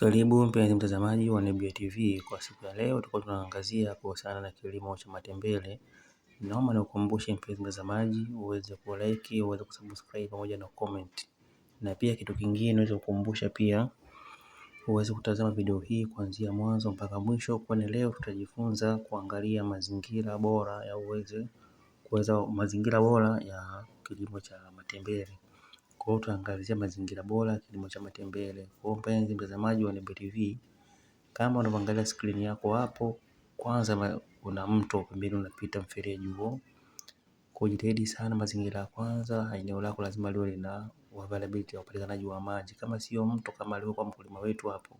Karibu mpenzi mtazamaji wa Nebuye TV, kwa siku ya leo tulikuwa tunaangazia kuhusiana na kilimo cha matembele. Naomba nikukumbushe mpenzi mtazamaji, uweze ku like, uweze kusubscribe pamoja na comment, na pia kitu kingine naweza kukumbusha pia uweze kutazama video hii kuanzia mwanzo mpaka mwisho, kwani leo tutajifunza kuangalia mazingira bora ya uweze kuweza mazingira bora ya kilimo cha matembele. Kwa hiyo tunaangazia mazingira bora, kilimo cha matembele. Kwa hiyo mpenzi mtazamaji wa Nembe TV, kama unavyoangalia skrini yako hapo, kwanza kuna mto pembeni unapita mfereji huo. Kwa hiyo jitahidi sana mazingira ya kwanza, eneo lako lazima liwe lina availability ya upatikanaji wa maji, kama sio mto kama kwa mkulima wetu hapo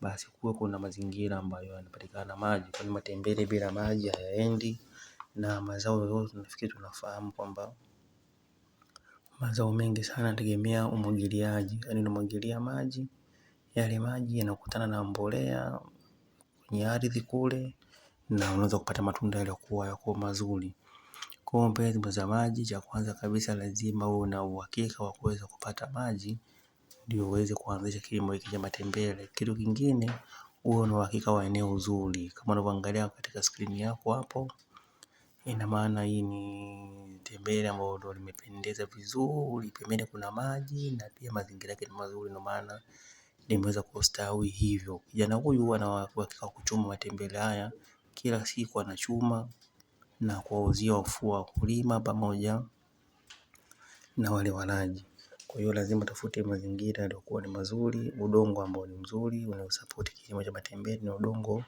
basi kuwe kuna mazingira ambayo yanapatikana maji, kwani matembele bila maji hayaendi, na mazao yote, nafikiri tunafahamu kwamba Mazao mengi sana yanategemea umwagiliaji, yaani unamwagilia maji, yale maji yanakutana na mbolea kwenye ardhi kule na unaweza kupata matunda yaliyokuwa yako mazuri. Kwa hiyo mbegu za maji, cha kwanza kabisa lazima uwe na uhakika wa kuweza kupata maji ndio uweze kuanzisha kilimo hiki cha matembele. Kitu kingine, uwe na uhakika wa eneo zuri kama unavyoangalia katika skrini yako hapo. Ina maana hii ni tembele ambayo ndo limependeza vizuri, pembeni kuna maji na pia mazingira yake ni mazuri ndo maana limeweza kustawi hivyo. Kijana huyu huwa kuchuma matembele haya kila siku anachuma na kuwauzia wafua wakulima pamoja na wale walaji. Kwa hiyo lazima tafute mazingira yaliyokuwa ni mazuri, udongo ambao ni mzuri unaosapoti kilimo cha matembele na udongo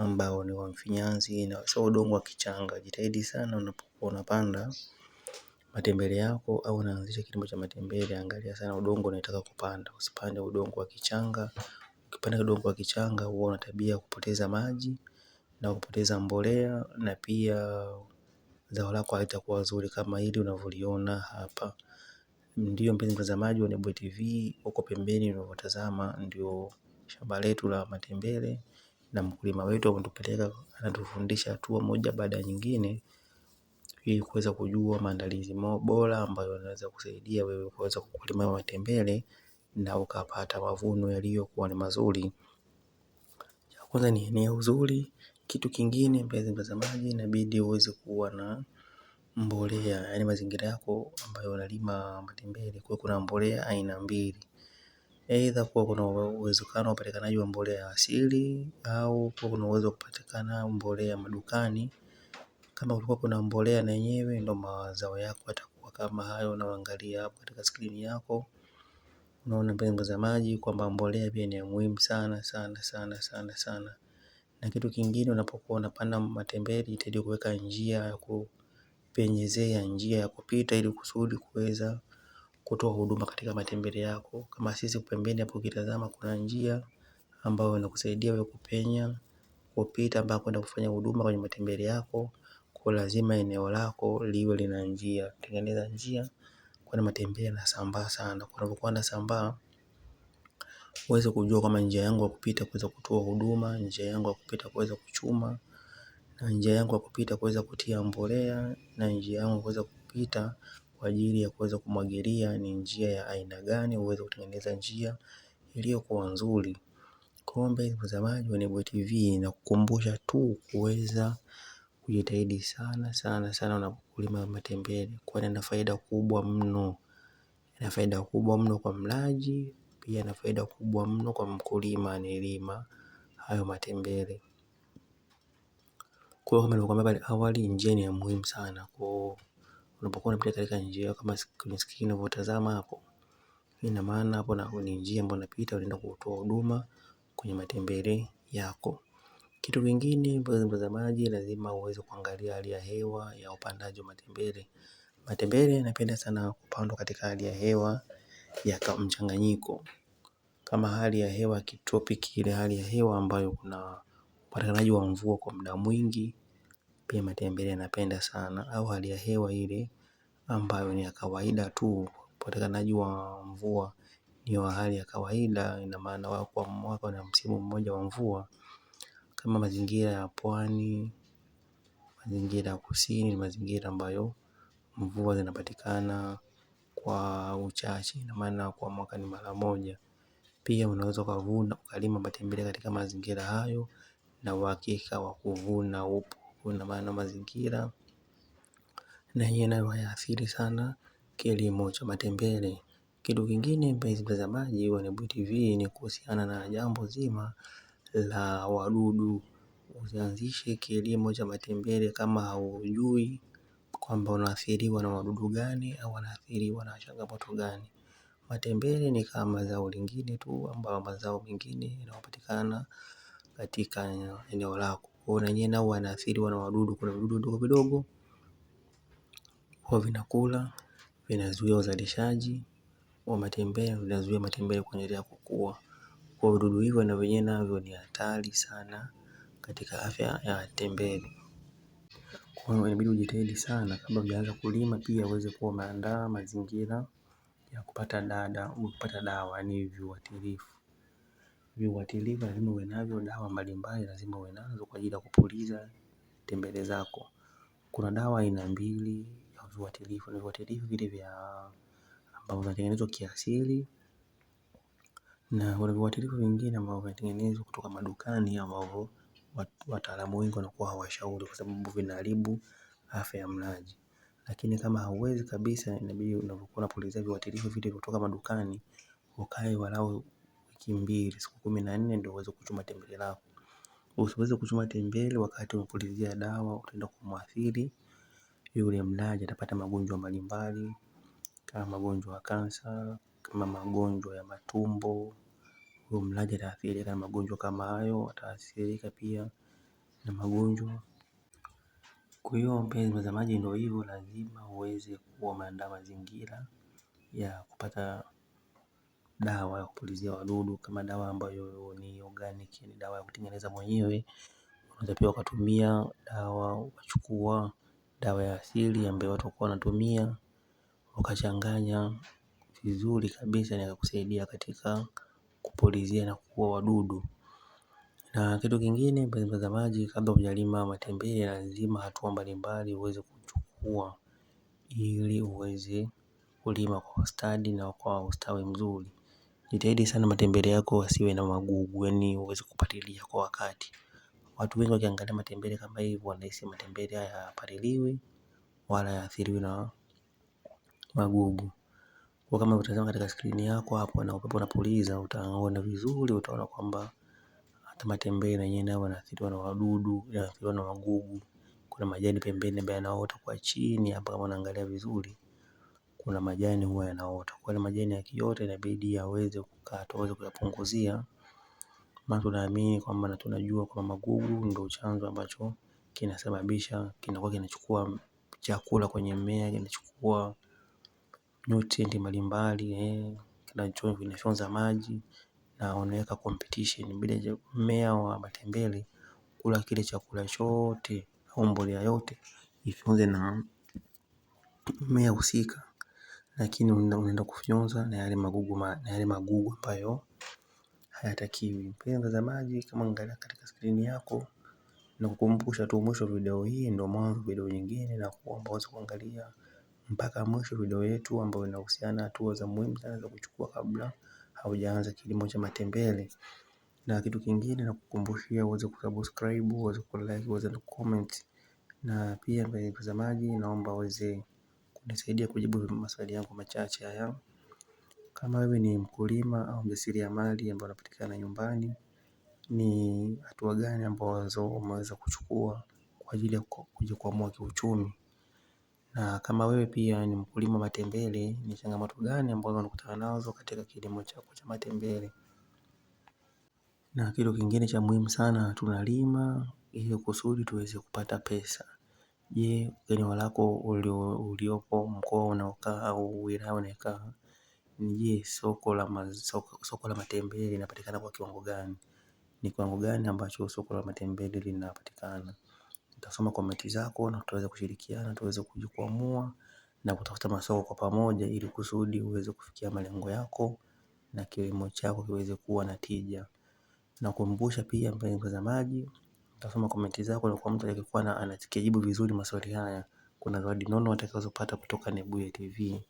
ambao ni wa mfinyanzi na sio udongo wa kichanga. Jitahidi sana unapokuwa unapanda matembele yako au unaanzisha kilimo cha matembele, angalia sana udongo unataka kupanda, usipande udongo wa kichanga. Ukipanda udongo wa kichanga huwa una tabia kupoteza maji na kupoteza mbolea na pia zao lako halitakuwa zuri kama hili unavyoliona hapa. Ndio mpenzi mtazamaji wa Nebuye TV, huko pembeni unavyotazama ndio shamba letu la matembele na mkulima wetu ametupeleka, anatufundisha hatua moja baada ya nyingine ili kuweza kujua maandalizi bora ambayo yanaweza kusaidia wewe kuweza kulima matembele na ukapata mavuno yaliyokuwa ni mazuri. Cha kwanza ni eneo zuri. Kitu kingine, mpenzi mtazamaji, inabidi uweze kuwa na mbolea, yaani mazingira yako ambayo unalima matembele kuwe kuna mbolea aina mbili. Aidha kuwa kuna uwezekano wa upatikanaji wa mbolea ya asili au kuwa kuna uwezo wa kupatikana mbolea madukani. Kama kulikuwa kuna mbolea na yenyewe ndo mazao yako yatakuwa kama hayo unayoangalia hapo katika skrini yako. Unaona pale mtazamaji kwamba mbolea pia ni muhimu sana sana sana sana sana. Na kitu kingine unapokuwa unapanda matembele itabidi kuweka njia ya kupenyezea njia ya kupita ili kusudi kuweza kutoa huduma katika matembele yako. Kama sisi pembeni hapo ukitazama kuna njia ambayo inakusaidia wewe kupenya kupita ambako kwenda kufanya huduma kwenye matembele yako, kwa lazima eneo lako liwe lina njia. Tengeneza njia kwani matembele sambaa sana, kwa sambaa uweze kujua kama njia yangu ya kupita kuweza kutoa huduma, njia yangu ya kupita kuweza kuchuma, na njia yangu ya kupita kuweza kutia mbolea, na njia yangu kuweza kupita kwa ajili ya kuweza kumwagilia ni njia ya aina gani, uweze kutengeneza njia iliyokuwa nzuri. Kumbe mtazamaji wa Nebuye TV inakukumbusha tu kuweza kujitahidi sana sana sana unapokulima matembele, kwani ina faida kubwa mno, ina faida kubwa mno kwa mlaji, pia ina faida kubwa mno kwa mkulima anayelima hayo matembele. Kwa hiyo kama nilivyokuambia pale awali, njia ni ya muhimu sana kwa unapokuwa unapita katika njia hiyo, kama kwenye skrini unavyotazama hapo. Ina maana hapo na ni njia ambayo unapita unaenda kutoa huduma kwenye matembele yako. Kitu kingine, mtazamaji, lazima uweze kuangalia hali ya hewa ya upandaji wa matembele. Matembele yanapenda sana kupandwa katika hali ya hewa ya mchanganyiko, kama hali ya hewa kitropiki, ile hali ya hewa ambayo kuna upatikanaji wa mvua kwa muda mwingi pia matembele napenda sana au hali ya hewa ile ambayo ni ya kawaida tu upatikanaji wa mvua ni wa hali ya kawaida ina maana kwa mwaka na msimu mmoja wa mvua. Kama mazingira ya pwani, mazingira ya kusini, mazingira ambayo mvua zinapatikana kwa uchache ina maana kwa mwaka ni mara moja. Pia unaweza ukavuna ukalima matembele katika mazingira hayo na uhakika wa kuvuna upo kuna maana mazingira na hiyo inayoathiri sana kilimo cha matembele. Kitu kingine mpenzi mtazamaji wa Nebuye TV ni kuhusiana na jambo zima la wadudu. Usianzishe kilimo cha matembele kama haujui kwamba unaathiriwa na wadudu gani au wanaathiriwa na changamoto gani. Matembele ni kama zao lingine tu ambayo mazao mengine yanayopatikana katika eneo lako. Kwa na nao wanaathiriwa na wadudu, kuna vidudu vidogo vidogo huwa vinakula, vinazuia uzalishaji wa matembele, vinazuia matembele kuendelea kukua. Kwa vidudu hivyo na wenyewe navyo ni hatari sana katika afya ya tembele. Kwa hiyo inabidi ujitahidi sana kabla hujaanza kulima, pia uweze kuwa umeandaa mazingira ya kupata dawa, ni viuatilifu viuatilifu lazima uwe navyo, dawa mbalimbali lazima uwe nazo kwa ajili ya kupuliza tembele zako. Kuna dawa aina mbili ya viuatilifu, ni viuatilifu vile vya ambavyo vinatengenezwa kiasili na kuna viuatilifu vingine ambavyo vinatengenezwa kutoka madukani ambavyo wataalamu wengi wanakuwa hawashauri kwa sababu vinaharibu afya ya mlaji. Lakini kama hauwezi kabisa, inabidi unapokuwa unapulizia viuatilifu vile kutoka madukani ukae walau wiki mbili, siku kumi na nne ndio uweze kuchuma tembele lako. Usiweze kuchuma tembele wakati umepulizia dawa, utaenda kumwathiri yule mlaji, atapata magonjwa mbalimbali kama magonjwa ya kansa, kama magonjwa ya matumbo. Huyo mlaji ataathirika na magonjwa kama hayo, ataathirika pia na magonjwa. Kwa hiyo mpenzi mtazamaji, ndio hivyo, lazima uweze kuwa umeandaa mazingira ya kupata dawa ya kupulizia wadudu kama dawa ambayo ni organic, ni dawa ya kutengeneza mwenyewe. Unaweza pia ukatumia dawa ukachukua dawa ya asili ambayo watu walikuwa wanatumia ukachanganya vizuri kabisa na kukusaidia katika kupulizia na kuua wadudu. Na kitu kingine, mtazamaji, kabla hujalima matembele, lazima hatua mbalimbali uweze kuchukua ili uweze kulima kwa ustadi na kwa ustawi mzuri. Jitahidi sana matembele yako yasiwe na magugu yaani uweze kupalilia kwa wakati. Watu wengi wakiangalia matembele kama hivi wanahisi matembele hayapaliliwi wala hayaathiriwi na magugu. Kwa kama utazama katika skrini yako hapo na upepo unapuliza utaona vizuri utaona kwamba hata matembele yenyewe nayo yanaathiriwa na wadudu, yanaathiriwa na magugu. Kuna majani pembeni ambayo yanaota kwa chini hapa kama unaangalia vizuri kuna majani huwa yanaota. Kwa hiyo majani yakiota inabidi yaweze kukatwa aweze kuyapunguzia. Maana tunaamini kwamba na tunajua kwamba magugu ndio chanzo ambacho kinasababisha kinakuwa kinachukua chakula kwenye mmea, kinachukua nutrient mbalimbali eh, vinafyonza maji na unaweka competition bila mmea wa matembele kula kile chakula chote au mbolea yote ifyonze na mmea husika lakini unaenda kufyonza na yale magugu na yale magugu ambayo hayatakiwi. Mpenzi mtazamaji, kama angalia katika skrini yako na kukumbusha tu, mwisho video hii ndio mwanzo video nyingine, na kuomba uweze kuangalia mpaka mwisho video yetu ambayo inahusiana hatua za muhimu sana za kuchukua kabla haujaanza kilimo cha matembele. Na kitu kingine na kukumbushia uweze kusubscribe, uweze kulike, uweze kucomment na pia mpenzi mtazamaji, naomba uweze kunisaidia kujibu maswali yangu machache haya. Kama wewe ni mkulima au mjasiriamali ambaye unapatikana nyumbani, ni hatua gani ambazo umeweza kuchukua kwa ajili ya kujikwamua kiuchumi? Na kama wewe pia ni mkulima wa matembele, ni changamoto gani ambazo unakutana nazo katika kilimo chako cha matembele? Na kitu kingine cha muhimu sana tunalima ili kusudi tuweze kupata pesa. Je, eneo lako uliopo mkoa unaokaa au wilaya unayokaa ni je, soko la matembele linapatikana kwa kiwango gani? Ni kiwango gani ambacho soko la matembele linapatikana? Nitasoma komenti zako na tutaweza kushirikiana, tuweze kujikwamua na kutafuta masoko kwa pamoja ili kusudi uweze kufikia malengo yako na kilimo chako kiweze kuwa na tija. Nakumbusha pia mpenzi mtazamaji Tasoma komenti zako na kwa mtu alikuwa na anakijibu vizuri maswali haya, kuna zawadi nono watakazopata kutoka Nebuye TV.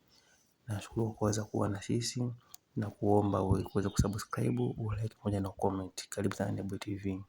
Nashukuru kwa kuweza kuwa na sisi na kuomba uweze kusubscribe, ulike pamoja na comment. Karibu sana Nebuye TV.